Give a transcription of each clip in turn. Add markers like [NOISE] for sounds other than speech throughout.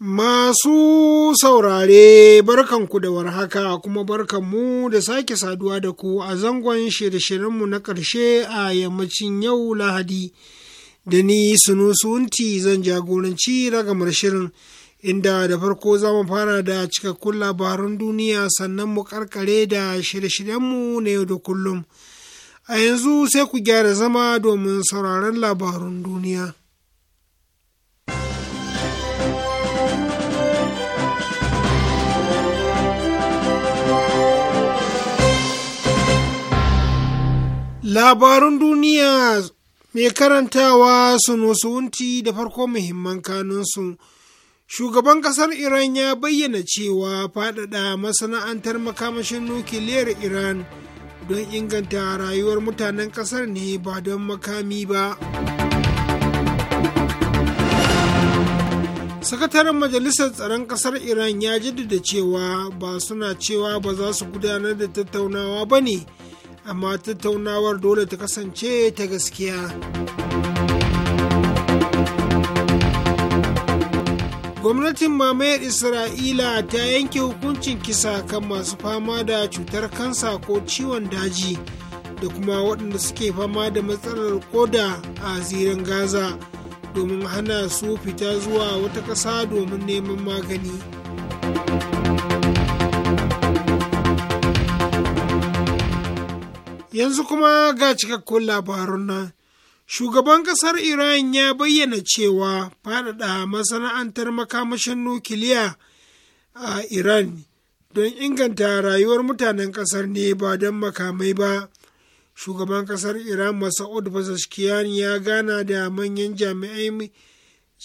Masu saurare barkan ku da warhaka kuma barkanmu da sake saduwa da ku a zangon shirye-shiryenmu na ƙarshe a yammacin yau Lahadi. Da ni sunusunti zan jagoranci ragamar shirin inda da farko za mu fara da cikakkun labarun duniya sannan mu karkare da shirye-shiryenmu na yau da kullum. A yanzu sai ku gyara zama domin sauraron labarun duniya. Labarun duniya mai karantawa sun wunti da farko muhimman kanunsu. Shugaban ƙasar Iran ya bayyana cewa faɗaɗa masana'antar makamashin nukiliyar Iran don inganta rayuwar mutanen ƙasar ne ba don makami ba. sakataren majalisar tsaron ƙasar iran ya jaddada cewa ba suna cewa ba za su gudanar da tattaunawa ba ne amma tattaunawar dole ta kasance ta gaskiya gwamnatin mamayar isra'ila ta yanke hukuncin kisa kan masu fama da cutar kansa ko ciwon daji da kuma waɗanda suke fama da matsalar koda a zirin gaza domin hana su fita zuwa wata ƙasa domin neman magani. yanzu kuma ga cikakkun labarun nan shugaban kasar iran ya bayyana cewa faɗaɗa masana'antar makamashin nukiliya a iran don inganta rayuwar mutanen kasar ne ba don makamai ba shugaban kasar iran masaud bazashkiyan ya gana da manyan jami'ai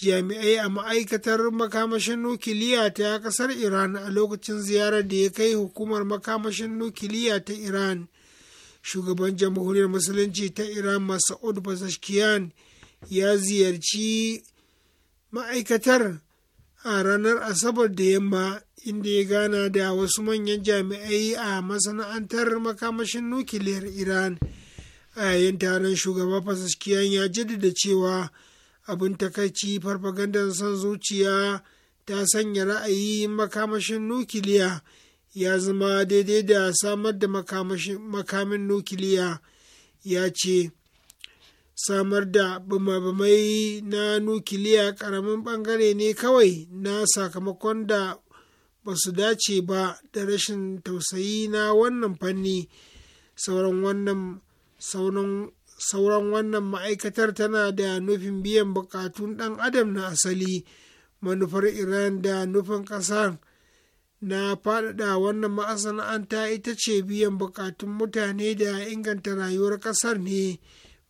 jami'ai a ma'aikatar makamashin nukiliya ta kasar iran a lokacin ziyarar da ya kai hukumar makamashin nukiliya ta iran shugaban jamhuriyar musulunci ta iran masa'ud bazashkiyan ya ziyarci ma'aikatar a ranar asabar da yamma inda ya gana da wasu manyan jami'ai a masana'antar makamashin nukiliyar iran a yayin taron shugaba fasashkiyan ya jaddada cewa abin takaici farfagandar son zuciya ta sanya ra'ayi makamashin nukiliya ya zama daidai da samar da makamin nukiliya ya ce samar da bumabumai na nukiliya karamin bangare ne kawai na sakamakon da ba su dace ba da rashin tausayi na wannan fanni sauran wannan sauran sauran wannan ma'aikatar tana da nufin biyan bukatun ɗan adam na asali manufar iran da nufin ƙasar na faɗaɗa wannan masana'anta ita ce biyan buƙatun mutane da inganta rayuwar ƙasar ne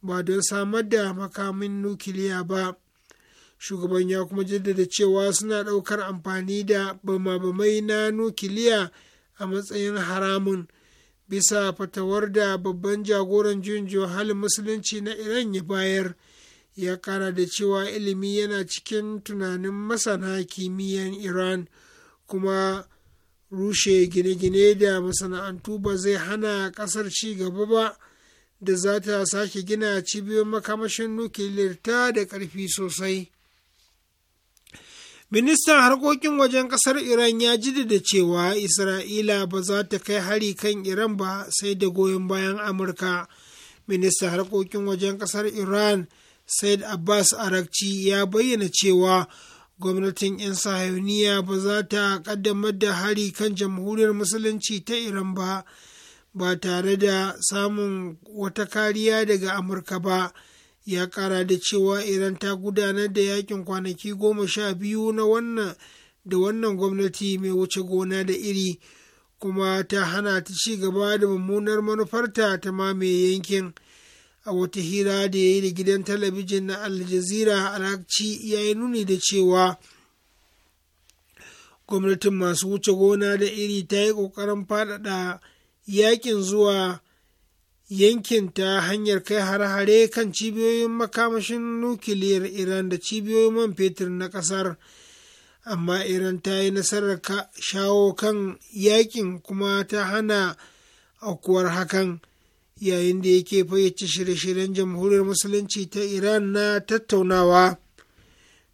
ba don samar da makamin nukiliya ba shugaban ya kuma jaddada cewa suna ɗaukar amfani da bama na nukiliya a matsayin haramun bisa fatawar da babban jagoran juyin halin musulunci na iran ya bayar ya kara da cewa ilimi yana cikin tunanin masana kimiyyan iran kuma rushe gine-gine da masana'antu ba zai hana kasar ci gaba ba da za ta sake gina cibiyar makamashin nukiliyar ta da ƙarfi sosai ministan harkokin wajen kasar iran ya jidda cewa isra'ila ba za ta kai hari kan iran ba sai da goyon bayan amurka ministan harkokin wajen kasar iran said abbas arakci ya bayyana cewa gwamnatin 'yan sahauniya ba za ta ƙaddamar da hari kan jamhuriyar musulunci ta iran ba ba tare da samun wata kariya daga amurka ba ya ƙara da cewa iran ta gudanar da yakin kwanaki goma sha biyu na wannan da wannan gwamnati mai wuce gona da iri kuma ta hana ta ci gaba da mummunar manufarta ta mamaye yankin. a wata hira da ya yi da gidan talabijin na aljazira alhakci ya yi nuni da cewa gwamnatin masu wuce gona da iri ta yi ƙoƙarin faɗaɗa yakin zuwa yankin ta hanyar kai har-hare kan cibiyoyin makamashin nukiliyar iran da cibiyoyin man fetur na ƙasar amma iran ta yi nasarar shawo kan yakin kuma ta hana aukuwar hakan yayin da yake fayyace shirye-shiryen jamhuriyar musulunci ta iran na tattaunawa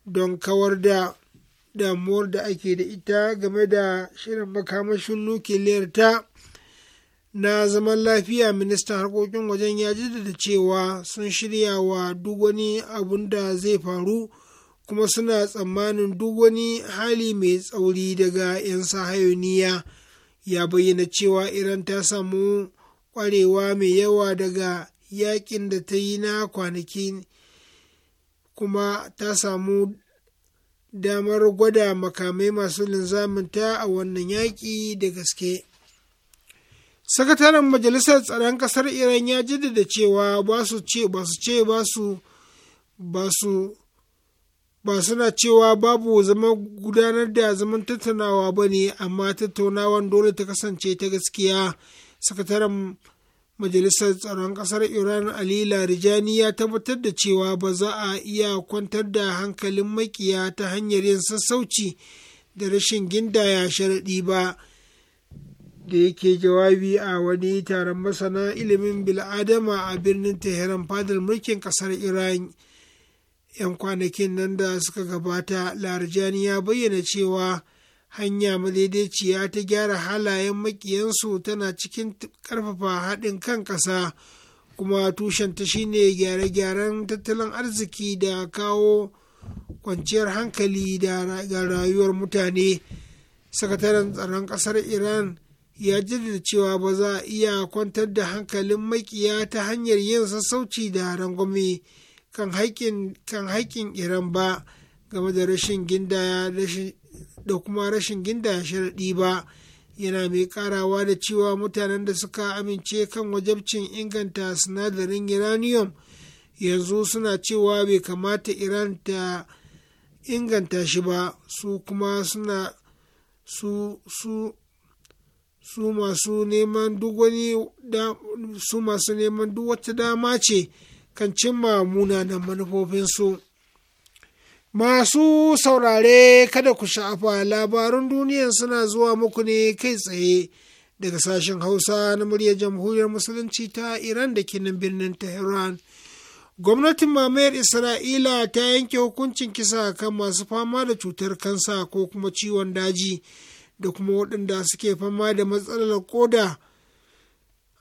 don kawar da damuwar da ake da ita game da shirin makamashin nukiliyar ta na zaman lafiya ministan harkokin wajen ya jaddada cewa sun shirya wa duk wani abun da zai faru kuma suna tsammanin duk wani hali mai tsauri daga 'yan sahayoniya ya bayyana cewa iran ta samu kwarewa mai yawa daga yakin da ta yi na kwanaki kuma ta samu damar gwada makamai masu linzaminta a wannan yaƙi da gaske. Sakataren Majalisar Tsaron Ƙasar Iran ya jaddada cewa ba su ce ba su ce ba su ba suna cewa babu zama gudanar da zaman tattaunawa ba ne amma tattaunawan dole ta kasance ta gaskiya sakataren majalisar tsaron ƙasar iran ali larijani ya tabbatar da cewa ba za a iya kwantar da hankalin makiya ta hanyar yin sassauci da rashin gindaya sharaɗi ba da yake jawabi a wani taron masana ilimin bil'adama a birnin teheran fadar mulkin ƙasar iran 'yan kwanakin nan da suka gabata larijani ya bayyana cewa hanya madaidaiciya ta gyara halayen makiyansu tana cikin ƙarfafa haɗin kan ƙasa kuma tushenta shine gyare-gyaren tattalin arziki da kawo kwanciyar hankali da ga rayuwar mutane sakataren tsaron ƙasar iran ya jaddada cewa ba za a iya kwantar da hankalin makiya ta hanyar yin sassauci da rangwame kan haƙƙin iran ba game da rashin gindaya da kuma rashin ginda sharaɗi ba yana mai karawa da cewa mutanen da suka amince kan wajabcin inganta sinadarin uranium yanzu suna cewa bai kamata iran ta inganta shi ba su kuma suna su su su masu neman duk su masu neman duk wata dama ce kan cimma munanan manufofinsu Masu saurare kada ku sha'afa labarun duniyan suna zuwa muku ne kai tsaye daga sashen Hausa na murya Jamhuriyar Musulunci ta Iran da ke nan birnin Tehran. Gwamnatin mamayar Isra'ila ta yanke hukuncin kisa kan masu fama da cutar kansa ko kuma ciwon daji da kuma waɗanda suke fama da matsalar koda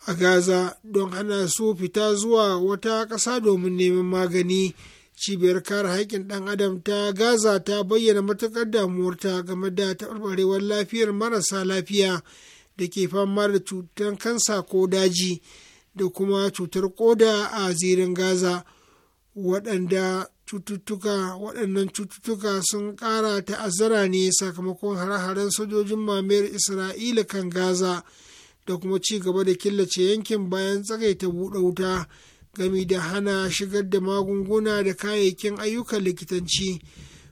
a Gaza don hana su fita zuwa wata ƙasa domin neman magani. cibiyar kare haƙƙin ɗan adam ta gaza ta bayyana matuƙar damuwarta game da taɓarɓarewar lafiyar marasa lafiya da ke fama da cutar kansa ko daji da kuma cutar koda a zirin gaza waɗanda cututtuka waɗannan cututtuka sun ƙara ta'azzara ne sakamakon hare-haren sojojin mamayar isra'ila kan gaza da kuma ci gaba da killace yankin bayan tsagaita buɗe wuta gami da hana shigar da magunguna da kayayyakin ayyukan likitanci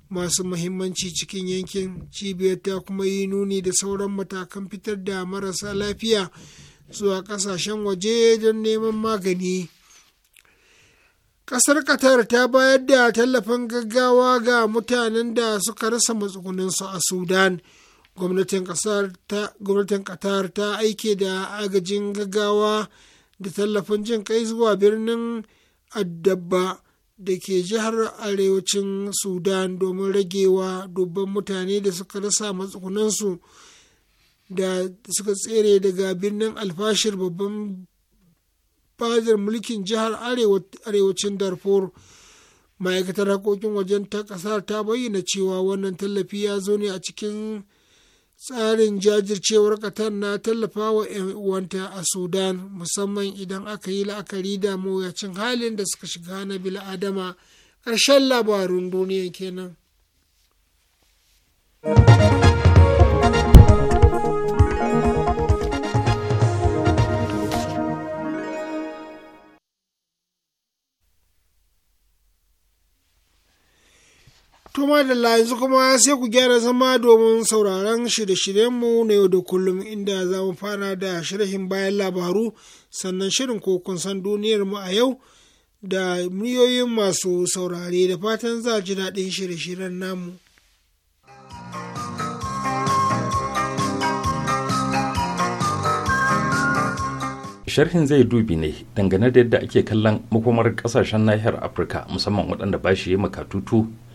masu muhimmanci cikin yankin cibiyar ta kuma yi nuni da sauran matakan fitar da marasa lafiya zuwa kasashen waje don neman magani ƙasar qatar ta bayar da tallafin gaggawa ga mutanen da suka rasa matsugunansu a sudan gwamnatin qatar ta aike da agajin gaggawa da tallafin jin kai zuwa birnin addabba da ke jihar arewacin sudan domin ragewa dubban mutane da suka rasa matsugunansu da suka tsere daga birnin alfashir babban fadar mulkin jihar arewacin darfur ma'aikatar hakokin wajen ta ƙasar ta bayyana cewa wannan tallafi ya zo ne a cikin tsarin jajircewar katan na tallafa wa wanta a sudan musamman idan aka yi la'akari da mawuyacin halin da suka shiga na bil'adama karshen labarun duniya kenan. kuma da yanzu kuma sai ku gyara zama domin sauraron shirye-shiryenmu na yau da kullum inda za mu fara da shirhin bayan labaru sannan shirin ko kun san mu a yau da miliyoyin masu saurare da fatan za ji daɗin shirye-shiryen namu. sharhin zai dubi ne dangane da yadda ake kallon makomar kasashen nahiyar afirka musamman waɗanda ba shi yi makatutu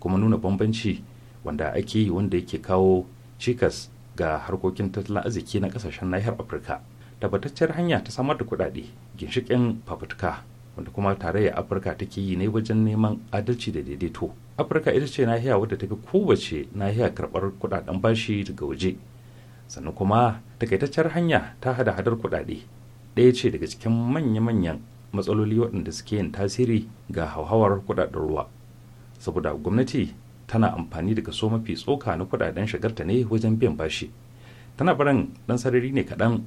kuma nuna bambanci wanda ake yi wanda yake kawo cikas ga harkokin tattalin arziki na kasashen nahiyar afirka tabbataccen hanya ta samar da kuɗaɗe ginshiƙin fafutuka wanda kuma tarayyar afirka take yi ne wajen neman adalci da daidaito afirka ita ce nahiya wadda ta fi kowace nahiya karɓar kuɗaɗen bashi daga waje sannan kuma takaitaccen hanya ta hada hadar kuɗaɗe ɗaya ce daga cikin manya-manyan matsaloli waɗanda suke yin tasiri ga hauhawar kuɗaɗen ruwa saboda gwamnati tana amfani da kaso mafi tsoka na kudaden shigarta ne wajen biyan bashi tana barin dan sarari ne kaɗan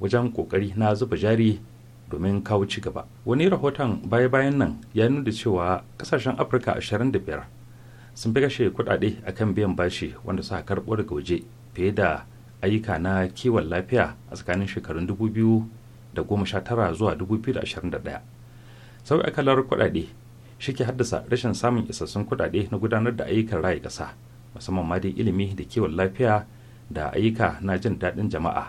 wajen kokari na zuba jari domin kawo ci gaba wani rahoton baya-bayan nan ya nuna cewa kasashen afirka 25 sun fi kashe kudade akan biyan bashi wanda suka karɓo daga waje fiye da ayyuka na kiwon lafiya a tsakanin shekarun 2019 zuwa 2021 sau kalar kudade shi ke haddasa rashin samun isassun kudade na gudanar da ayyukan raya ƙasa musamman ma dai ilimi da kiwon lafiya da ayyuka na jin daɗin jama'a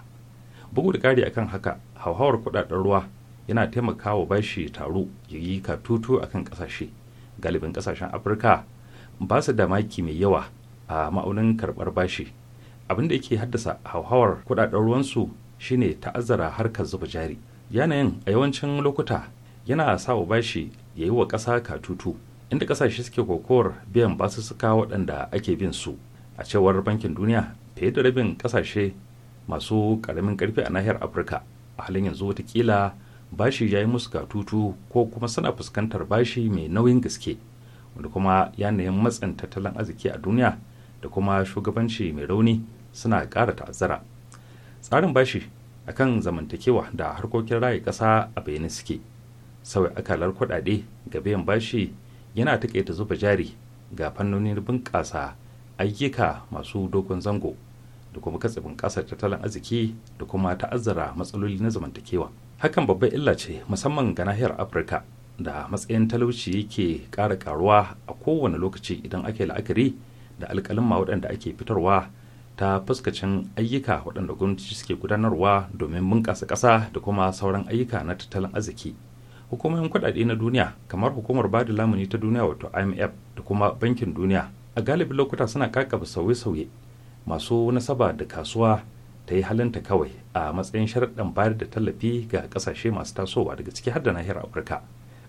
bugu da ƙari akan haka hauhawar kudaden ruwa yana taimakawa bashi taro ya yi katutu akan ƙasashe galibin ƙasashen afirka ba su da maki mai yawa a ma'aunin karɓar bashi abin da yake haddasa hauhawar kudaden ruwansu shine ta'azzara harkar zuba jari yanayin a yawancin lokuta yana sa wa bashi ya yi wa ƙasa katutu inda ƙasashe suke kokowar biyan basussuka waɗanda ake bin su a cewar bankin duniya fiye da rabin ƙasashe masu ƙaramin ƙarfi a nahiyar afirka a halin yanzu watakila bashi ya yi musu katutu ko kuma suna fuskantar bashi mai nauyin gaske wanda kuma yanayin matsin tattalin arziki a duniya da kuma shugabanci mai rauni suna ƙara ta'azzara tsarin bashi akan zamantakewa da harkokin raye ƙasa a bayyane suke sauya akalar kuɗaɗe ga biyan bashi yana taƙaita zuba jari ga fannonin bunƙasa ayyuka masu dogon zango da kuma katsibin ƙasar tattalin arziki da kuma ta'azzara matsaloli na zamantakewa hakan babbar illa ce musamman ga nahiyar afirka da matsayin talauci yake ƙara karuwa a kowane lokaci idan ake la'akari da alƙalin waɗanda ake fitarwa ta fuskacin ayyuka waɗanda gwamnati suke gudanarwa domin bunƙasa ƙasa da kuma sauran ayyuka na tattalin arziki hukumomin kudade na duniya kamar hukumar bada lamuni ta duniya wato imf da kuma bankin duniya a galibi lokuta suna kakaba sauye-sauye masu nasaba da kasuwa ta yi halinta kawai a matsayin sharaɗin bayar da tallafi ga kasashe masu tasowa daga ciki har da nahiyar afirka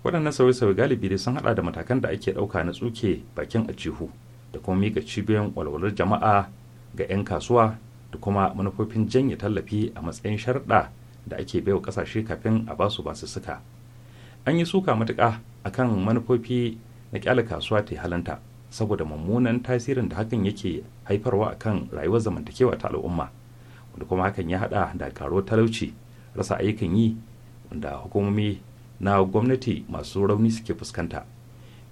waɗannan sauye-sauye galibi dai sun haɗa da matakan da ake ɗauka na tsuke bakin a cihu da kuma mika cibiyoyin walwalar jama'a ga 'yan kasuwa da kuma manufofin janye tallafi a matsayin sharaɗa da ake baiwa kasashe kafin a basu basu suka. an yi suka matuƙa a kan manufofi na kyale kasuwa ta halanta saboda mummunan tasirin da hakan yake haifarwa a kan rayuwar zamantakewa ta al'umma wanda kuma hakan ya haɗa da karo talauci rasa ayyukan yi wanda hukumomi na gwamnati masu rauni suke fuskanta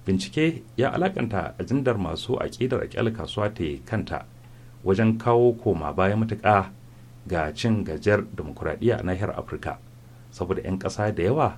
bincike ya alakanta ajindar masu aƙidar kyale kasuwa ta kanta wajen kawo koma baya matuƙa ga cin gajiyar demokuraɗiyya a nahiyar afirka saboda 'yan ƙasa da yawa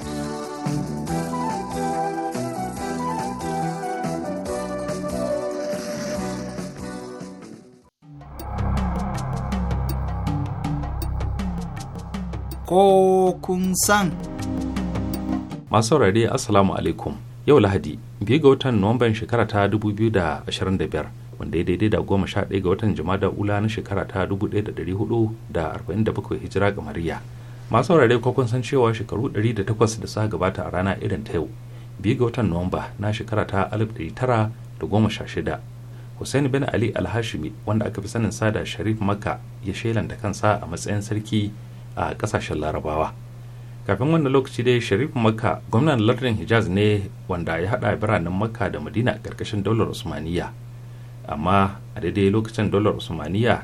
ko kun san. Masu saurare Assalamu alaikum yau Lahadi biyu ga watan Nuwamban shekara ta 2025 wanda ya daidai da goma sha ɗaya ga watan Jumada Ula na shekara ta 1447 hijira Mariya. Masu saurare ko kun san cewa shekaru 108 da sa gabata a rana irin ta yau biyu ga watan Nuwamba na shekara ta 1916 Hussein bin Ali Alhashimi wanda aka fi sanin sa da Sharif Makka ya shelanta kansa a matsayin sarki a kasashen larabawa kafin wannan lokaci dai sharif makka gwamnan lardin hijaz ne wanda ya hada biranen makka da madina karkashin daular usmaniya amma a daidai lokacin daular usmaniya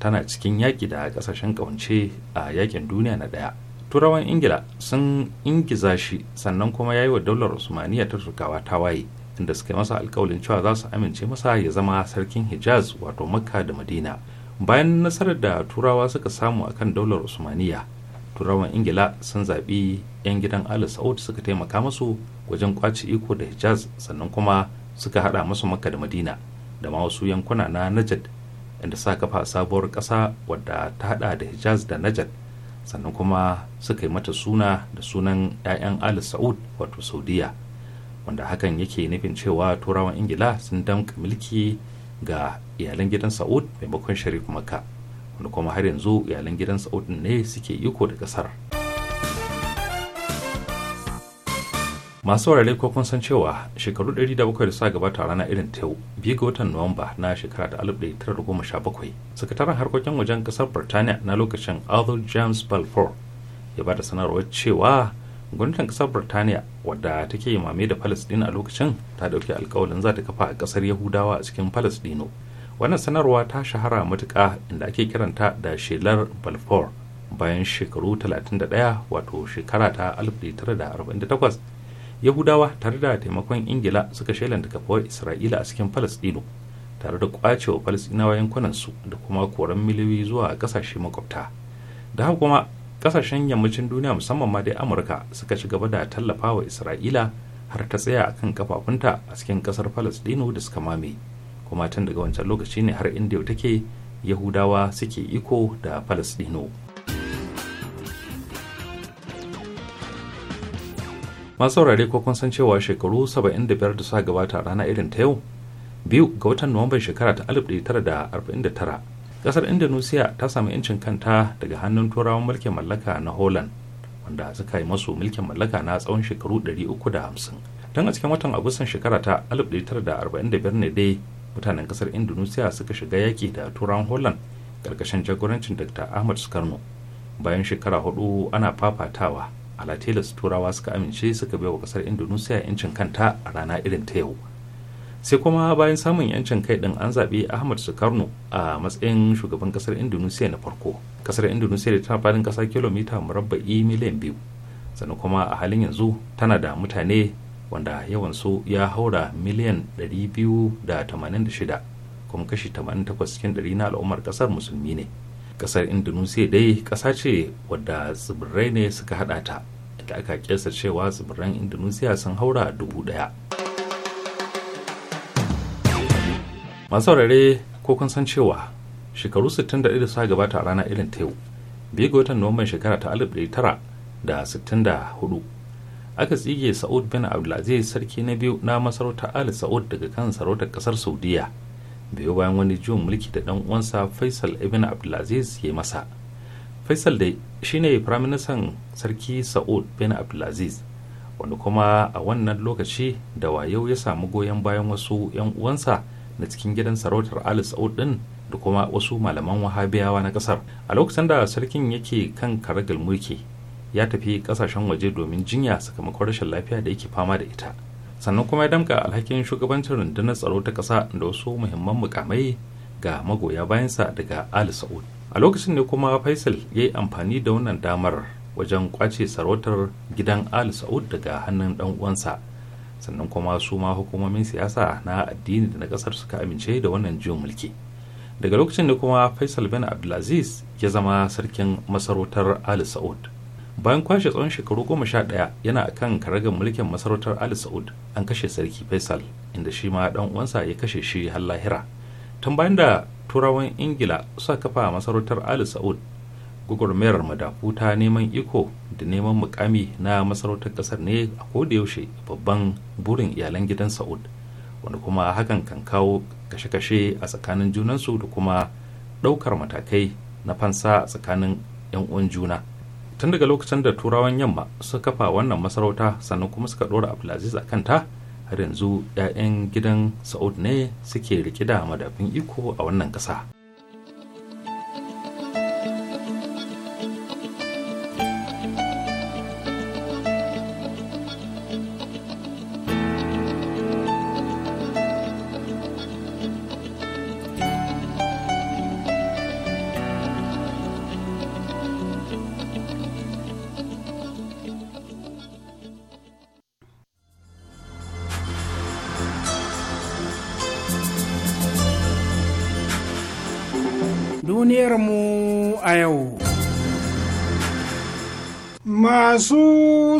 tana cikin yaƙi da kasashen ƙawance a yaƙin duniya na ɗaya turawan ingila sun ingiza shi sannan kuma ya yi wa daular usmaniya ta turkawa ta waye inda suka masa alkawalin cewa za su amince masa ya zama sarkin hijaz wato makka da madina bayan nasarar da turawa suka samu akan daular usmaniya turawan ingila sun zaɓi 'yan gidan al saud suka taimaka musu wajen kwace iko da hijaz sannan kuma suka hada musu makka da madina da ma wasu yankuna na najad inda sa kafa sabuwar ƙasa wadda ta hada da hijaz da najad sannan kuma suka yi mata suna da sunan 'ya'yan al saud wato saudiya wanda hakan yake nufin cewa turawan ingila sun damka mulki ga iyalan gidan sa'ud maimakon sharif makka wanda kuma har yanzu iyalan gidan sa'ud ne suke iko da kasar masu warare ko kun san cewa shekaru 107 da suka gabata rana irin ta yau biyu ga watan nuwamba na shekara ta 1917 sakataren harkokin wajen kasar birtaniya na lokacin arthur james balfour ya ba da sanarwar cewa gwamnatin kasar birtaniya wadda take mame da palestine a lokacin ta dauki alkawalin za ta kafa a kasar yahudawa a cikin palestino wannan sanarwa ta shahara matuka inda ake kiranta da shelar balfour bayan shekaru 31 wato shekara ta 1948 yahudawa tare da taimakon ingila suka shelanta kafawar isra'ila a cikin palestino tare da kwacewa palestinawa yankunansu da kuma koran miliyoyi zuwa kasashe makwabta da haka kuma kasashen yammacin duniya musamman ma dai amurka suka ci gaba da tallafa wa isra'ila har ta tsaya a kan kafafunta a cikin kasar falastinu da suka mame kuma tun daga wancan lokaci ne har inda take yahudawa suke iko da falastinu masu saurare ko kun san cewa shekaru 75 da suka gabata rana irin ta yau biyu ga watan nuwamban shekara ta 1949 kasar indonesia ta samu 'yancin kanta daga hannun turawan mulkin mallaka na holland wanda suka yi masu mulkin mallaka na tsawon shekaru 350 don a cikin watan agustan shekara ta 1945 ne dai mutanen kasar indonesia suka shiga yaki da turawan holland karkashin jagorancin dr ahmad sukarno bayan shekara hudu ana fafatawa ala alatilas turawa suka amince suka bai wa kasar indonesia 'yancin kanta a rana irin ta yau sai kuma bayan samun yancin kai din an zaɓi ahmad sukarno a matsayin shugaban kasar indonesia na farko kasar indonesia da tana faɗin ƙasa kilomita murabba'i miliyan biyu sannan kuma a halin yanzu tana da mutane wanda su ya haura miliyan 286 kuma kashi 88 cikin 100 na al'ummar kasar musulmi ne kasar indonesia dai ƙasa ce wadda tsibirai ne suka haɗa ta da aka kesa cewa tsibiran indonesia sun haura dubu ɗaya. masu saurare ko kun san cewa shekaru 61 da suka gabata a rana irin ta yau biyu ga watan nuwamban shekara ta 1964 aka tsige sa'ud bin abdulaziz sarki na biyu na masarauta ali sa'ud daga kan sarautar kasar saudiya biyu bayan wani juyin mulki da dan uwansa faisal ibn abdulaziz ya masa faisal dai shine firaministan sarki sa'ud bin abdulaziz wanda kuma a wannan lokaci da wayo ya samu goyon bayan wasu 'yan uwansa na cikin gidan sarautar ali sa'ud din da kuma wasu malaman wahabiyawa na kasar a lokacin da sarkin yake kan karagal mulki ya tafi kasashen waje domin jinya sakamakon rashin lafiya da yake fama da ita sannan kuma ya damka alhakin shugabancin rundunar tsaro ta kasa da wasu muhimman mukamai ga magoya bayansa daga ali sa'ud a lokacin ne kuma faisal ya yi amfani da wannan damar wajen kwace sarautar gidan ali sa'ud daga hannun dan uwansa sannan kuma su ma hukumomin siyasa na addini da na kasar suka amince da wannan juyin mulki daga lokacin da kuma faisal bin abdulaziz ya zama sarkin masarautar ali sa'ud bayan kwashe tsawon shekaru goma sha ɗaya yana kan karagar mulkin masarautar ali sa'ud an kashe sarki faisal inda shi ma dan uwansa ya kashe shi har lahira tun bayan da turawan ingila suka kafa masarautar ali sa'ud gwagwarmayar madafu ta neman iko da neman mukami na masarautar kasar ne a kodayaushe babban burin iyalan gidan sa'ud wanda kuma hakan kan kawo kashe-kashe a tsakanin junansu da kuma ɗaukar matakai na fansa a tsakanin 'yan uwan juna tun daga lokacin da turawan yamma suka kafa wannan masarauta sannan kuma suka ɗora abdulaziz a kanta har yanzu 'ya'yan gidan sa'ud ne suke rike da madafin iko a wannan ƙasa.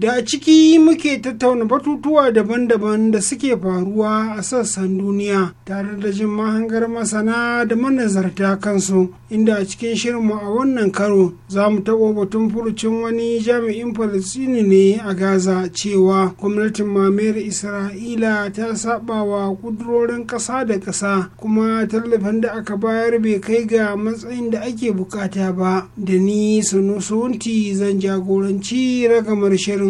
da a ciki muke tattauna batutuwa daban-daban da suke faruwa a sassan duniya tare da jin mahangar masana da manazarta kansu inda a cikin shirinmu a wannan karo za mu taɓo batun furucin wani jami'in falistini ne a gaza cewa gwamnatin mamayar isra'ila ta saba wa kudurorin ƙasa da ƙasa kuma tallafin da aka bayar bai kai ga matsayin da ake bukata ba da ni sanusunti zan jagoranci ragamar shirin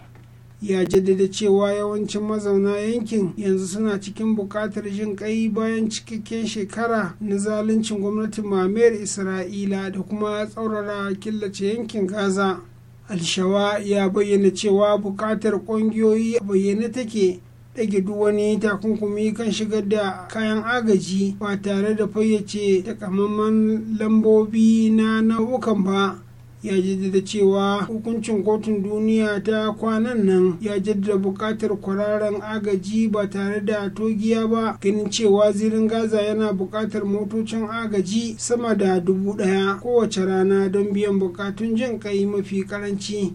ya jaddada cewa yawancin mazauna yankin yanzu suna cikin buƙatar jin ƙai bayan cikakken shekara na zaluncin gwamnatin mamayar isra'ila da kuma tsaurara killace yankin gaza alshawa ya bayyana cewa buƙatar ƙungiyoyi a bayyane take ɗage duk wani takunkumi kan shigar da kayan agaji ba tare da fayyace takamaiman lambobi na nau'ukan ba ya jaddada cewa hukuncin kotun duniya ta kwanan nan ya jaddada buƙatar kwararren agaji ba tare da togiya ba ganin cewa zirin gaza yana buƙatar motocin agaji sama da dubu ɗaya kowace rana don biyan bukatun jin kai mafi karanci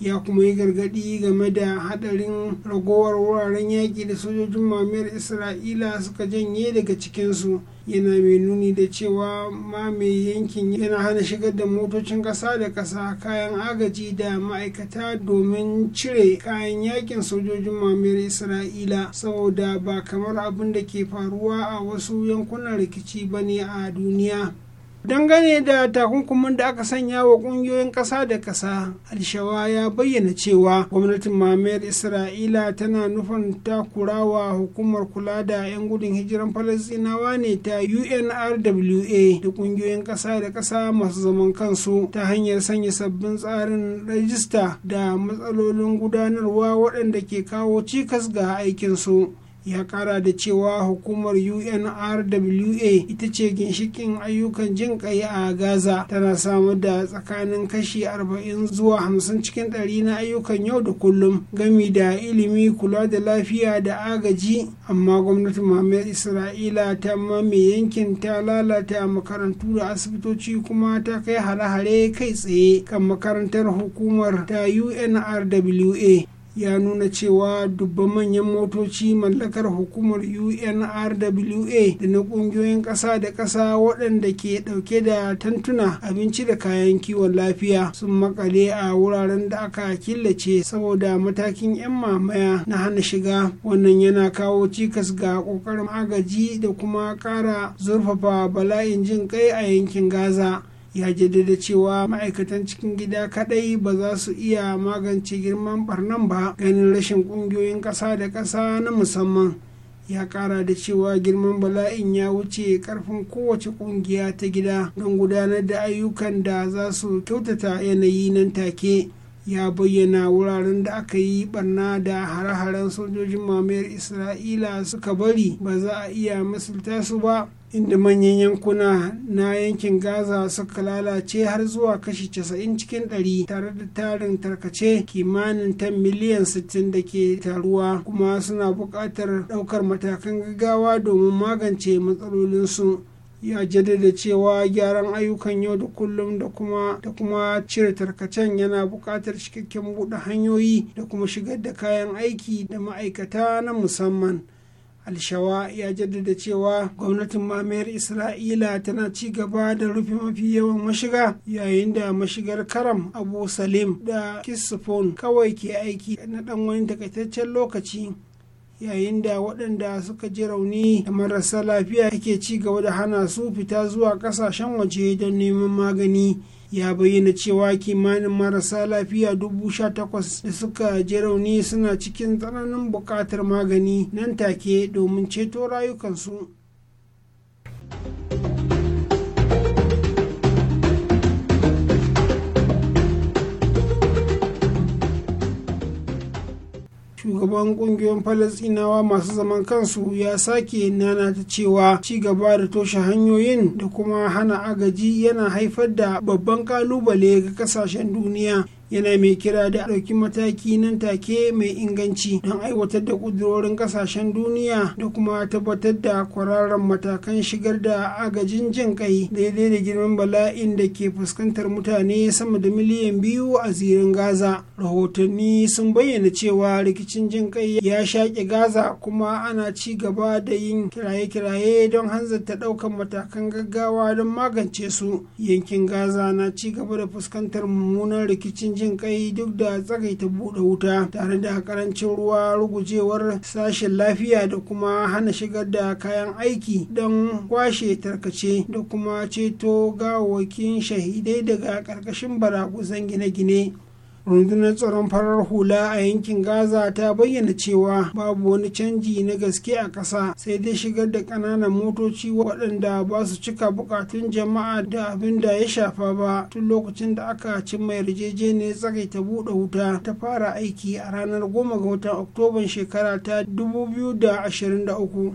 ya kuma yi gargaɗi game da haɗarin ragowar wuraren yaƙi da sojojin mamayar isra'ila suka janye daga cikinsu yana mai nuni da cewa ma mai yankin yana hana shigar da motocin ƙasa da ƙasa kayan agaji da ma'aikata domin cire kayan yakin sojojin mamayar isra'ila saboda ba kamar abin da ke faruwa a wasu yankunan rikici bane a duniya dangane da takunkumin da aka sanya wa kungiyoyin ƙasa da ƙasa alshawa ya bayyana cewa gwamnatin mamayar isra'ila tana nufin takurawa hukumar kula da 'yan gudun hijiran falasinawa ne ta unrwa da kungiyoyin ƙasa da ƙasa masu zaman kansu ta hanyar sanya sabbin tsarin rajista da matsalolin gudanarwa waɗanda ke kawo cikas ga aikinsu ya kara da cewa hukumar unrwa ita ce ginshikin ayyukan jin kai a gaza tana samar da tsakanin kashi 40 zuwa 50 cikin ɗari na ayyukan yau da kullum gami da ilimi kula da lafiya da agaji amma gwamnatin muhammad isra'ila ta mame yankin ta lalata makarantu da asibitoci kuma ta kai hare-hare kai tsaye kan makarantar hukumar ta unrwa ya nuna cewa dubban manyan motoci mallakar hukumar unrwa da na kungiyoyin ƙasa da ƙasa waɗanda ke ɗauke da tantuna abinci da kayan kiwon lafiya sun makale a wuraren da aka killace saboda matakin 'yan mamaya na hana shiga wannan yana kawo cikas ga ƙoƙarin agaji da kuma ƙara zurfafa bala'in jin kai a yankin gaza ya jaddada cewa ma'aikatan cikin gida kadai ba za su iya magance girman barnan ba ganin rashin kungiyoyin ƙasa da ƙasa na musamman ya kara da cewa girman bala'in ya wuce karfin kowace kungiya ta gida don gudanar da ayyukan da za su kyautata yanayi nan take ya bayyana wuraren da aka yi barna da hare-haren sojojin mamayar isra'ila suka bari ba za a iya misalta su ba inda manyan yankuna na yankin gaza suka lalace har zuwa kashi 90 cikin 100 tare da tarin tarkace kimanin 10 miliyan 60 da ke taruwa kuma suna buƙatar ɗaukar matakan gaggawa domin magance matsalolinsu ya jaddada cewa gyaran ayyukan yau da kullum da kuma da kuma cire tarkacen yana buƙatar cikakken buɗe hanyoyi da kuma shigar da kayan aiki da ma'aikata na musamman alshawa ya jaddada cewa gwamnatin mamayar isra'ila tana ci gaba da rufe mafi yawan mashiga yayin da mashigar karam abu salim da kisifon kawai ke aiki na ɗan wani takaitaccen lokaci yayin da waɗanda suka ji rauni da marasa lafiya ake ci gaba da hana su fita zuwa ƙasashen waje don neman magani ya bayyana cewa kimanin marasa lafiya dubu sha takwas da suka ji rauni suna cikin tsananin buƙatar magani nan take domin ceto rayukansu. shugaban kungiyoyin falasinawa masu zaman kansu ya sake nana ta cewa ci gaba da toshe hanyoyin da kuma hana agaji yana haifar da babban kalubale ga kasashen duniya yana mai kira da ɗauki mataki nan take mai inganci don aiwatar da ƙudurorin ƙasashen duniya da kuma tabbatar da kwararan matakan shigar da agajin jin kai daidai da girman bala'in da ke fuskantar mutane sama da miliyan biyu a zirin gaza rahotanni sun bayyana cewa rikicin jin kai ya shaƙe gaza kuma ana ci gaba da yin kiraye-kiraye don hanzarta ɗaukar matakan gaggawa don magance su yankin gaza na ci gaba da fuskantar mummunan rikicin jin kai duk da tsagaita buɗe wuta tare da karancin ruwa rugujewar sashen lafiya da kuma hana shigar da kayan aiki don kwashe tarkace da kuma ceto gawakin shahidai daga ƙarƙashin barakusan gine-gine rundunar tsaron farar hula a yankin gaza ta bayyana cewa babu wani canji na gaske a ƙasa sai dai shigar da ƙananan motoci waɗanda ba su cika buƙatun jama'a da abin da ya shafa ba tun lokacin da aka cimma yarjejeniyar ta buɗe wuta ta fara aiki a ranar 10 ga watan oktoban shekara ta 2023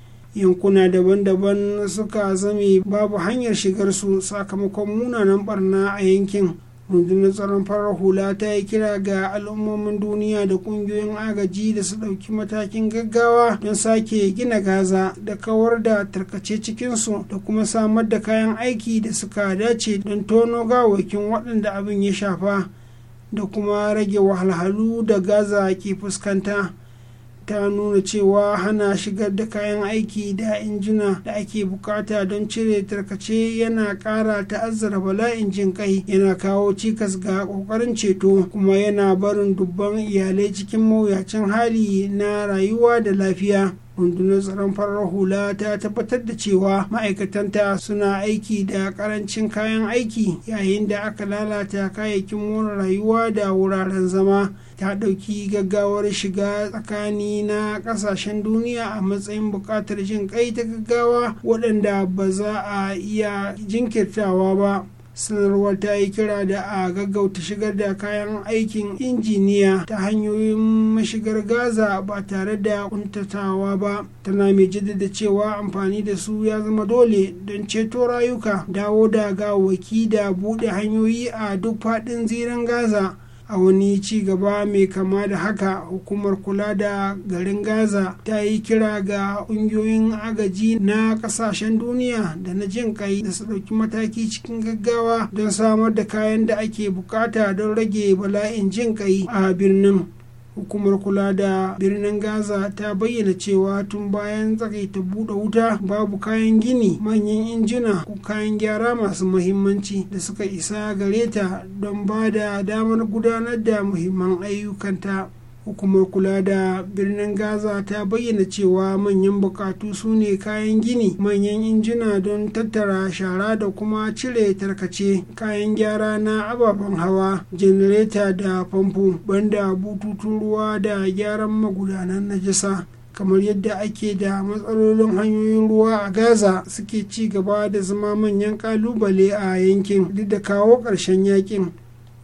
yankuna daban-daban suka zame babu hanyar shigarsu sakamakon munanan barna a yankin rundunar tsaron farar hula ta yi kira ga al'ummomin duniya da kungiyoyin agaji da su ɗauki matakin gaggawa don sake gina gaza da kawar da tarkace cikinsu da kuma samar da kayan aiki da suka dace don tono gawakin waɗanda abin ya shafa da kuma rage wahalhalu da gaza ke fuskanta ta nuna cewa hana shigar da kayan aiki da injina da ake bukata don cire tarkace yana kara ta'azzara bala'in jin kai yana kawo cikas ga kokarin ceto kuma yana barin dubban iyalai cikin mawuyacin hali na rayuwa da lafiya rundunar tsaron farar hula ta tabbatar da cewa ma'aikatanta suna aiki da karancin kayan aiki yayin da aka lalata kayayyakin more rayuwa da wuraren zama ta ɗauki gaggawar shiga tsakani na ƙasashen duniya a matsayin buƙatar jin ƙai ta gaggawa waɗanda ba za a iya jinkirtawa ba sanarwar ta yi kira da a gaggauta shigar da kayan aikin injiniya ta hanyoyin mashigar gaza ba tare da kuntatawa ba tana mai jaddada cewa amfani da su ya zama dole don ceto rayuka dawo da gawaki da buɗe hanyoyi a duk faɗin zirin gaza a wani ci gaba mai kama da haka hukumar kula da garin gaza ta yi kira ga ƙungiyoyin agaji na ƙasashen duniya da na jin kai da su ɗauki mataki cikin gaggawa don samar da kayan da ake bukata don rage bala'in jin kai a birnin hukumar kula da birnin gaza ta bayyana cewa tun bayan ta buɗe wuta babu kayan gini manyan injina ko kayan gyara masu muhimmanci da suka isa gare ta don ba da damar gudanar da muhimman ayyukanta hukumar kula da birnin gaza ta bayyana cewa manyan bukatu su ne kayan gini manyan injina don tattara shara da kuma cire tarkace kayan gyara na ababen hawa janareta da famfo banda bututun ruwa da gyaran magudanan najasa kamar yadda ake da matsalolin hanyoyin ruwa a gaza suke ci gaba da zama manyan kalubale a yankin duk da kawo ƙarshen yakin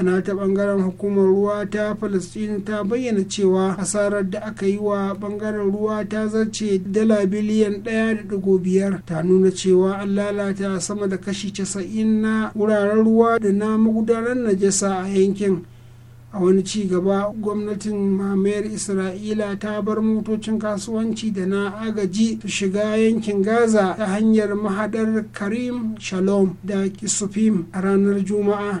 a nata bangaren hukumar ruwa ta palestine ta bayyana cewa hasarar da aka yi wa bangaren ruwa ta zarce dala biliyan ɗaya da dugo biyar ta nuna cewa an lalata sama da kashi casa'in na wuraren ruwa da na magudanar najasa a yankin a wani ci gaba gwamnatin mamayar isra'ila ta bar motocin kasuwanci da na agaji su shiga yankin gaza ta hanyar mahadar karim shalom da kisufim a ranar juma'a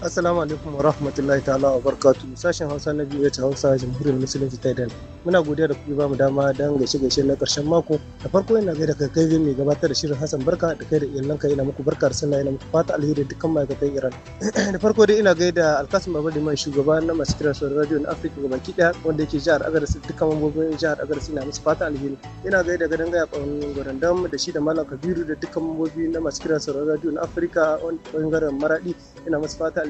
Assalamu alaikum wa rahmatullahi ta'ala wa barkatu sashen Hausa na biyu ta Hausa Jamhuriyar Musulunci ta Idan. Muna godiya da kuke bamu dama don gaishe gaishe na karshen mako. Da farko ina gaida kai kai mai gabatar da shirin Hassan Barka da kai da iyalanka ina muku barka da sallah ina muku fata alheri dukkan ma'aikatan Iran. [CLEARS THROAT] da farko dai ina gaida Alkasim Babadi mai shugaba na masu kiran sauran radio na Afirka baki daya wanda yake jihar Agadez dukkan mambobin jihar Agadez ina musu fata alheri. Ina gaida gadon gaya kwanin gwaran da shi da Malam Kabiru da dukkan mambobi na masu kiran sauran radio na Afirka bangaren Maradi ina musu fata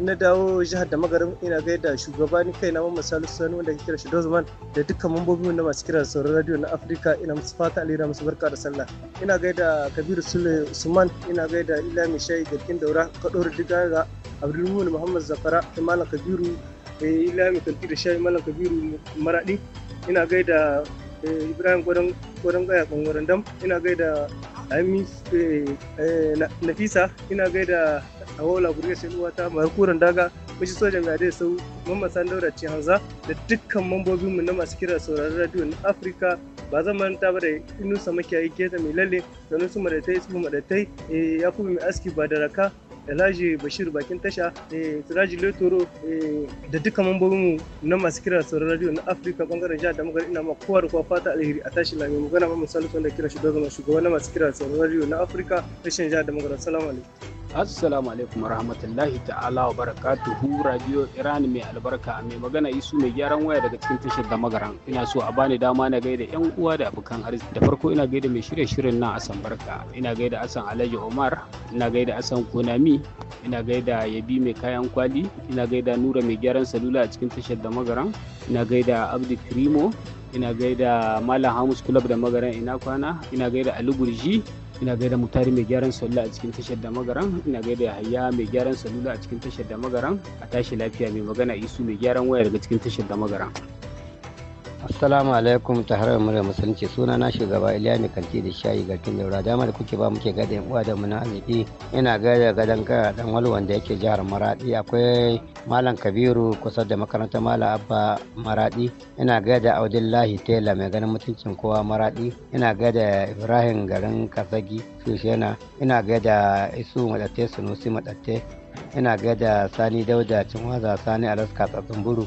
na dawo jihar da magarin ina gaida shugaba ni kai na mamman salisu sani wanda ke kira shi dozman da dukkan mambobi na masu kiran sauran radio na afirka ina musu fata alira musu barka da sallah ina gaida kabiru sule usman ina gaida ila mai shayi kin daura kadori digaga abdulmumin muhammad zafara malam kabiru eh, ila mai kanti da shayi malam kabiru maradi ina gaida eh, ibrahim gwadon gaya kwangwaran dam ina gaida eh, nafisa ina gaida a wola gurga sai uwa ta markuran daga wasu sojan dai sau mamman sandaura ci hanza da dukkan mambobinmu na masu kira sauraron radio na afirka ba zan manta ba da inusa kiyaye keta mai lalle da nusu madatai su madatai eh, ya kuma mai aski ba da raka Alhaji Bashir Bakin Tasha, eh, Siraji Letoro eh, da duka mambobinmu na masu kira sauraron radio na Afirka bangaren jihar Damagari ina ma kowa da kowa fata alheri a tashi lami magana ma misali da kira shugaban shugaban na masu kira sauraron radio na Afirka tashin jihar Damagari. Assalamu alaikum. assalamu alaikum rahmatullahi ta'ala wa barakatuhu radio iran mai albarka mai magana isu mai gyaran waya daga cikin tashar da magaran ina so a bani dama na gaida yan uwa da abokan arziki da farko ina gaida mai shirye shirin nan asan barka ina gaida asan alhaji omar ina gaida asan konami ina gaida yabi mai kayan kwali ina gaida nura mai gyaran salula a cikin tashar da magaran ina gaida abdi krimo ina gaida malam hamus club da magaran ina kwana ina gaida ali gurji ina gaida mutari mai gyaran salula a cikin tashar da magaran ina gaida hayya mai gyaran salula a cikin tashar da magaran a tashi lafiya mai magana isu mai gyaran waya daga cikin tashar da magaran assalamu alaikum ta harar murya musulunci suna na shugaba iliya mai kanti da shayi garkin daura dama da kuke ba muke gada yan uwa da muna arziki ina gaida gadon kara dan wani wanda yake jihar maradi akwai malam kabiru kusa da makarantar malam abba maradi ina gaida audillahi tela mai ganin mutuncin kowa maradi ina gaida ibrahim garin kasagi sushena ina gaida isu madatte sunusi madatte ina gaida sani dauda cinwaza sani alaska tsatsun buru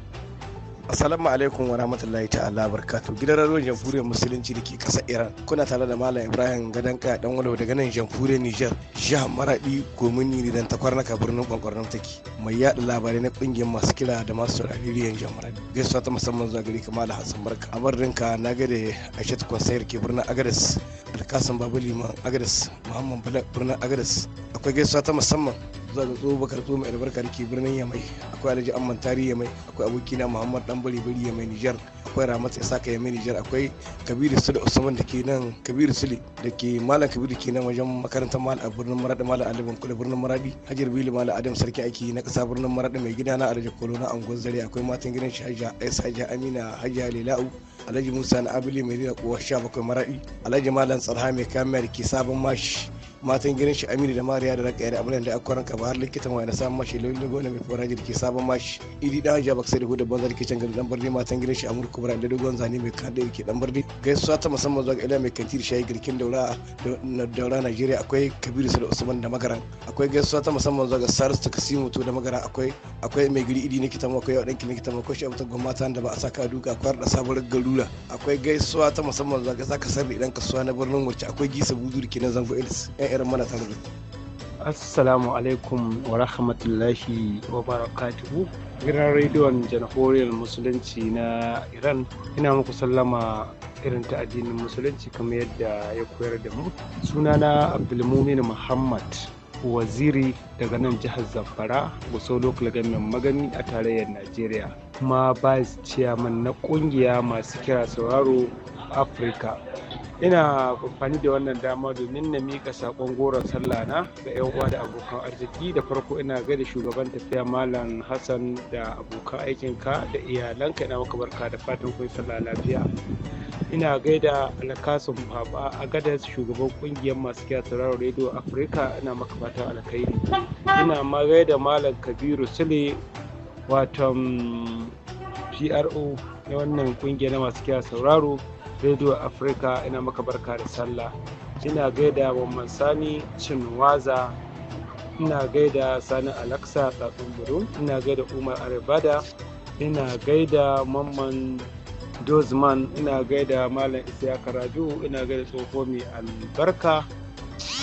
Assalamu alaikum wa rahmatullahi ta'ala barkatu. Gidan radio Jamhuriyar Musulunci da ke ƙasar Iran. Kuna tare da Malam Ibrahim Gadanka dan walau daga nan Jamhuriyar Niger. Jihar Maradi Gomini ne dan ka birnin Kwankwarnan take. Mai yaɗa labarai na kungiyar masu kira da masu saurari Jihar Maradi. Gaisuwa ta musamman zuwa gari kamar da Hassan Barka. A barinka na gade Aishatu Kwansayar ke birnin Agadas. Alkasan Babu Liman Agadas. Muhammad Balak birnin Agadas. Akwai gaisuwa ta musamman zuwa ga tsohon bakar tsohon mai albarka da ke birnin Yamai. Akwai Alhaji Amman Tari Yamai. Akwai abokina Muhammad dan bari bari ya mai Nijar akwai Ramat Isaka ya mai Nijar akwai Kabiru Sule Usman da ke nan Kabiru Sule da ke Malam Kabiru ke nan wajen makarantar Malam a birnin Maradi Malam Ali kula birnin Maradi Hajar Bilu Malam Adam Sarki aiki na kasa birnin Maradi mai gida na Alhaji Kolo na Angon Zare akwai matan gidan shi Hajiya Aisha Amina Hajja Lela'u alhaji musa na abili mai rira kowa sha bakwai maraɗi alhaji malam tsarha mai da ke sabon mashi matan gidan shi aminu da mariya da raka da abin da aka ranka ba har likitan wani samun mashi lauyin dogon mai faraji da ke sabon mashi idi dan hajji baksa da hudu banza da ke can gari dan birni matan gidan shi amurka bura da dogon zane mai kan da ke dan birni gaisuwa ta musamman zuwa ga ila mai kanti da shayi girkin daura daura najeriya akwai kabiru da usman da magaran akwai gaisuwa ta musamman zuwa ga sars ta kasimu to da magaran akwai akwai mai giri idi na kitan akwai yau dan kitan akwai shi abu ta gwamnati da ba a saka duka akwai da sabon garu Kaduna akwai gaisuwa ta musamman zaka zaka sarri idan kasuwa na birnin wacce akwai gisa buzuri kenan zango ilis yan irin mana tare assalamu alaikum wa rahmatullahi wa barakatuhu gidan rediyon janahoriyar musulunci na iran ina muku sallama irin ta addinin musulunci kamar yadda ya koyar da mu sunana abdulmumin muhammad waziri daga nan jihar zamfara gusau local government magani a tarayyar najeriya kuma vice chairman na kungiya masu kira sauraro afirka ina amfani da wannan dama domin na mika sakon goron sallah na ga yan uwa da abokan arziki da farko ina gaida shugaban tafiya malam hassan da abokan aikinka da iyalanka ina maka barka da fatan kun sallah lafiya ina gaida alkasun baba a gadas shugaban kungiyar masu kiya radio afirka ina maka fatan alkhairi ina ma gaida malam kabiru sule watan pro na wannan kungiya na masu kiya sauraro radio afirka ina maka barka da sallah ina gaida mamman sani cinwaza ina gaida sani alaksa tsatsun buru ina gaida umar Arabada, ina gaida mamman dozman ina gaida malam ya karaju ina gaida tsoho mai albarka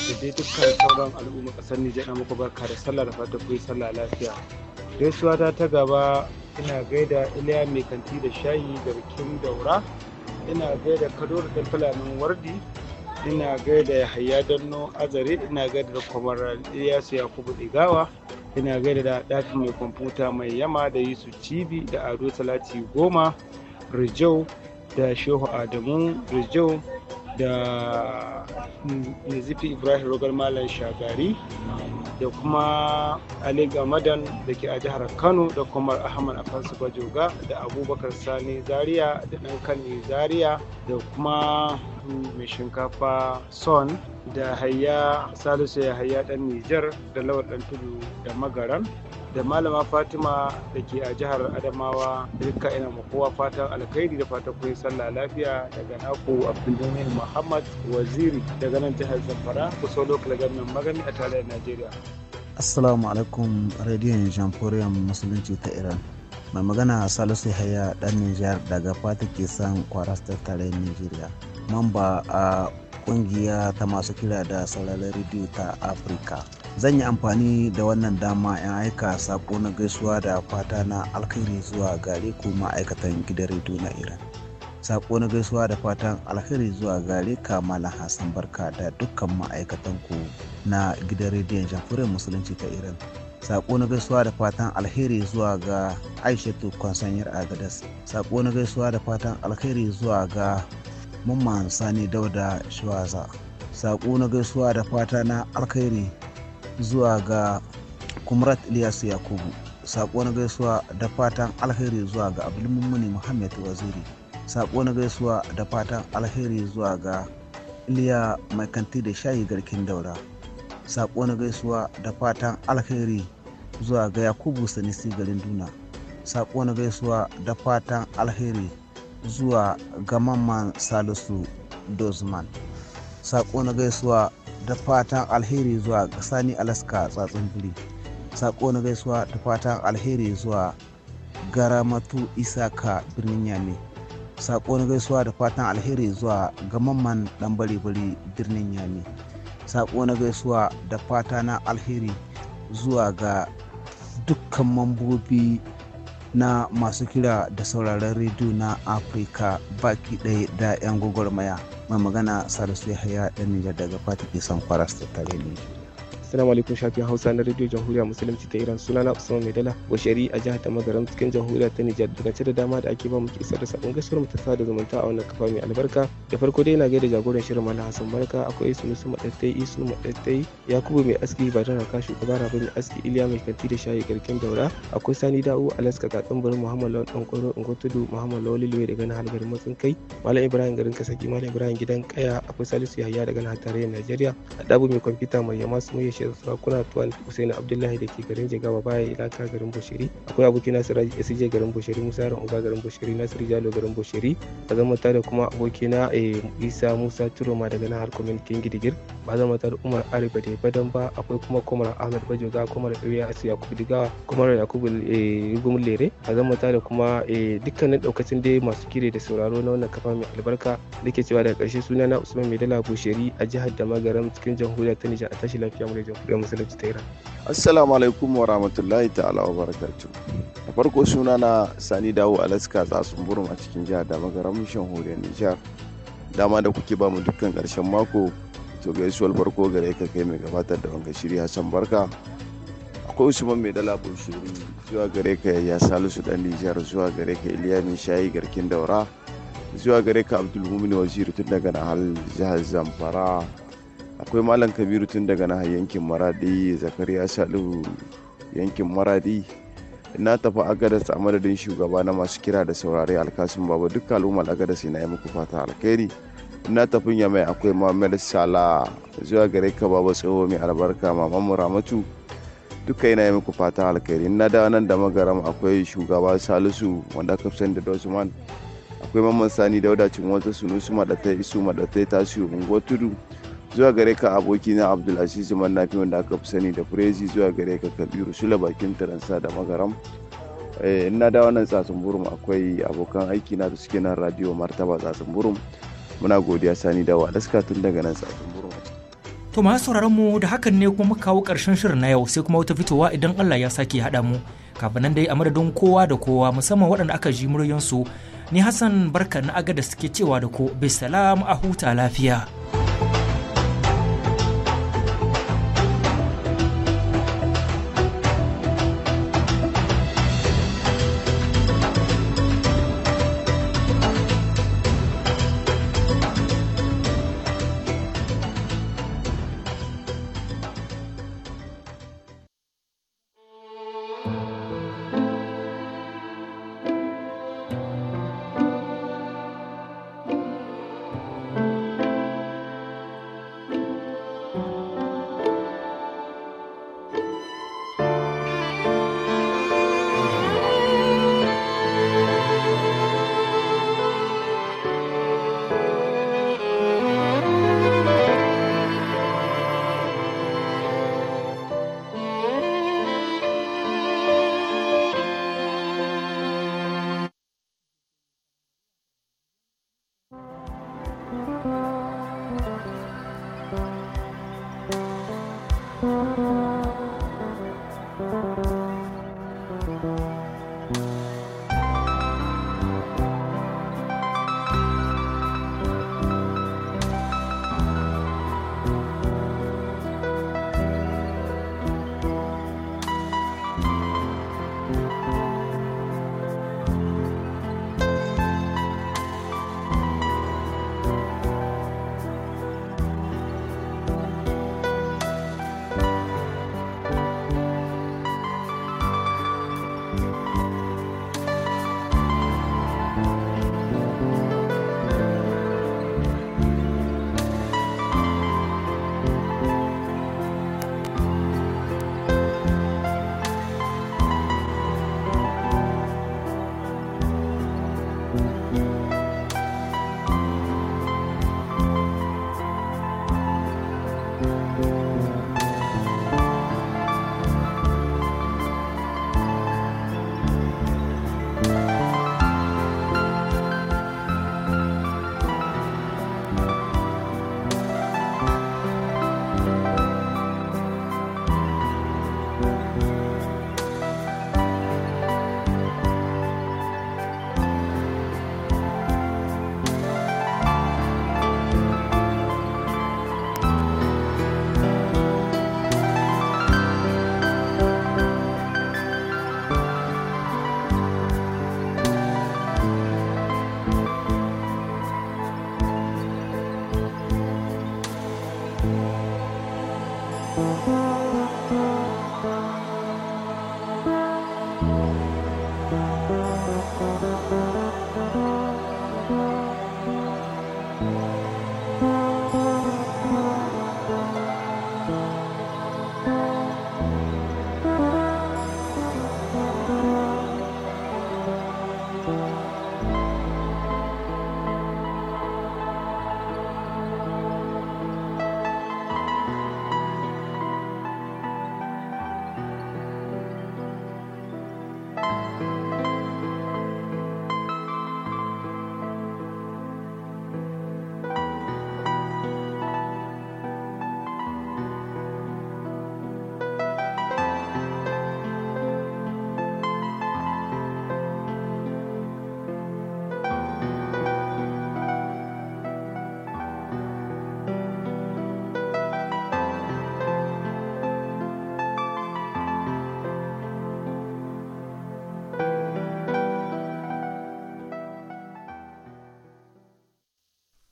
da dai dukkan sauran al'umma kasar nijar na muku barka da sallah da fata ku sallah lafiya gaisuwa ta ta gaba ina gaida iliya mai kanti da shayi da rikin daura ina gaida kador da fulanin wardi ina gaida yahaya danno azare ina gaida da kwamar ya kubu digawa ina gaida da ɗakin mai kwamfuta mai yama da yusuf cibi da ado talati goma rijau da shehu adamu rijau da mm, nizifi ibrahim rogar malam shagari da kuma ali gamadan da ke a jihar kano da kuma ahmad afansu bajoga da abubakar sani zaria da dan zaria da kuma Sa'adu mai shinkafa son da hayya Salisu ya hayya ɗan Nijar da lawar dan tudu da magaran da malama fatima da ke a jihar adamawa duka ina makowa kowa fatan alkhairi da fatan kun sallah lafiya daga naku abdulmumin muhammad waziri daga nan jihar zamfara so lokal gwamnan magani a tarayyar najeriya assalamu alaikum radiyon jamhuriyar musulunci ta iran mai magana salisu ya hayya dan nijar daga fata ke san kwarasta ta tarayyar nijeriya mamba a kungiya ta masu kira da sararin rediyo ta afirka zan yi amfani da wannan dama in aika sako na gaisuwa da fata na alkhairi zuwa gare ku ma'aikatan gidan rediyo na iran sako na gaisuwa da fatan alkhairi zuwa gare ka malam hassan barka da dukkan ma'aikatan ku na gidan rediyon jamhuriyar musulunci ta iran sako na gaisuwa da fatan alheri zuwa ga aishatu kwansanyar agadas sako na gaisuwa da fatan alheri zuwa ga mamman sani dauda shiwaza saƙo na gaisuwa da fata na alkhairi zuwa ga kumrat ilyasu yakubu saƙo na gaisuwa da fatan alkhairi zuwa ga abdulmumuni muhammad waziri saƙo na gaisuwa da fatan alkhairi zuwa ga iliya mai kanti da shayi garkin daura saƙo na gaisuwa da fatan alkhairi zuwa ga yakubu sanisi garin duna saƙo na gaisuwa da fatan alheri zuwa ga mamman salisu dozman sako na gaisuwa da fatan alheri zuwa ga sani alaska tsatsin biri sako na gaisuwa da fatan alheri zuwa garamatu isaka birnin yame sako na gaisuwa da fatan alheri zuwa ga mamman dan bari-bari birnin yame sako na gaisuwa da fata na alheri zuwa ga dukkan mambobi na masu kira da sauraron rediyo na afirka baki ɗaya da 'yan gwagwarmaya mai magana salisu yahaya ɗan nijar daga fata ke san kwaras tattare ne Assalamu alaikum shafin Hausa na Radio Jamhuriya Musulunci ta Iran suna sunana Usman Maidala Bashari a jihar Tamagaram cikin Jamhuriya ta Nijar daga da dama da ake ba mu isar da sabon gaskiyar mu ta sada zumunta a wannan kafa mai albarka da farko dai na da jagoran shirin Malam Hassan Barka akwai musu Madattai Isu Madattai Yakubu mai aski ba da raka shugaba Rabi aski Iliya mai kanti da shayi garken daura akwai Sani Da'u Alaska Katsin Bari Muhammad Lawan Dan Kwaro Ingotudu Muhammad Lawal daga nan Halgar Matsin Kai Malam Ibrahim garin Kasaki Malam Ibrahim gidan Kaya akwai Salisu Yahaya daga nan tarayyar Najeriya dabu mai kwamfuta mai yama su mai bashir sarakuna tuwan usaini abdullahi da ke garin jigawa baya ilaka garin bushiri akwai aboki nasiru sj garin bushiri musa yaron uba garin bushiri nasiru jalo garin bushiri ba zan manta da kuma aboki na eh, isa musa turoma daga nahar kwamitin gidigir ba zan manta da umar Ari, Bade, badan ba akwai kuma kwamar ahmed bajoga kwamar ɗauya asu yakubu digawa kwamar yakubu rigum eh, lere ba zan manta da kuma eh, dukkanin ɗaukacin dai masu kire da sauraro na wannan kafa mai albarka da ke cewa daga ƙarshe suna na usman maidala bushiri a jihar da magaram cikin jamhuriyar ta nijar a tashi lafiya mu jamhuriyar musulunci ta iran assalamu alaikum wa rahmatullahi ta'ala wa barakatu a farko suna na sani dawo alaska tsatsun burum a cikin jihar da mishan hore nijar dama da kuke ba mu dukkan karshen mako to gaisuwar farko gare ka kai mai gabatar da wanga shiri hassan barka akwai usman mai dala shiri zuwa gare ka ya salisu dan nijar zuwa gare ka iliya shayi garkin daura zuwa gare ka abdulmumin waziri tun daga nahal jihar zamfara akwai malam kabiru tun daga na yankin maradi zakariya salihu yankin maradi na tafi agadas a madadin shugaba na masu kira da saurare alkasun baba duka al'ummar agadas na yi muku fata alkhairi na tafi ya mai akwai muhammad sala zuwa gare ka baba tsoho mai albarka maman ramatu duka yana yi muku fata alkhairi na da nan da magaram akwai shugaba salisu wanda aka fi da dosman akwai mamman sani da wadacin wata sunusu madatai isu madatai tasiru unguwar tudu zuwa gare ka aboki na abdulaziz mannafi wanda aka fi sani da firezi zuwa gare ka kabiru shula bakin taransa da magaram eh, ina da wannan tsatsun burum akwai abokan aiki na da suke nan radio martaba tsatsun burum muna godiya sani da wadaska tun daga nan tsatsun burum to masu sauraron mu da hakan ne kuma muka kawo karshen shirin na yau sai kuma wata fitowa idan Allah ya sake haɗa mu kafin nan dai a madadin kowa da kowa musamman waɗanda aka ji su ni Hassan barka na agada suke cewa da ko bisalam a huta lafiya